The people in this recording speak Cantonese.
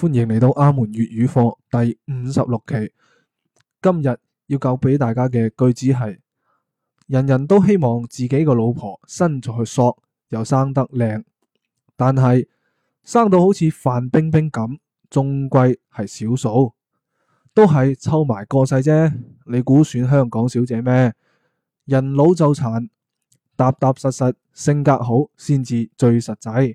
歡迎嚟到阿門粵語課第五十六期，今日要教俾大家嘅句子係：人人都希望自己個老婆身材索又生得靚，但係生到好似范冰冰咁，終歸係少數，都係湊埋過世啫。你估選香港小姐咩？人老就殘，踏踏實實，性格好先至最實際。